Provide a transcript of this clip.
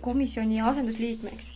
komisjoni asendusliikmeks.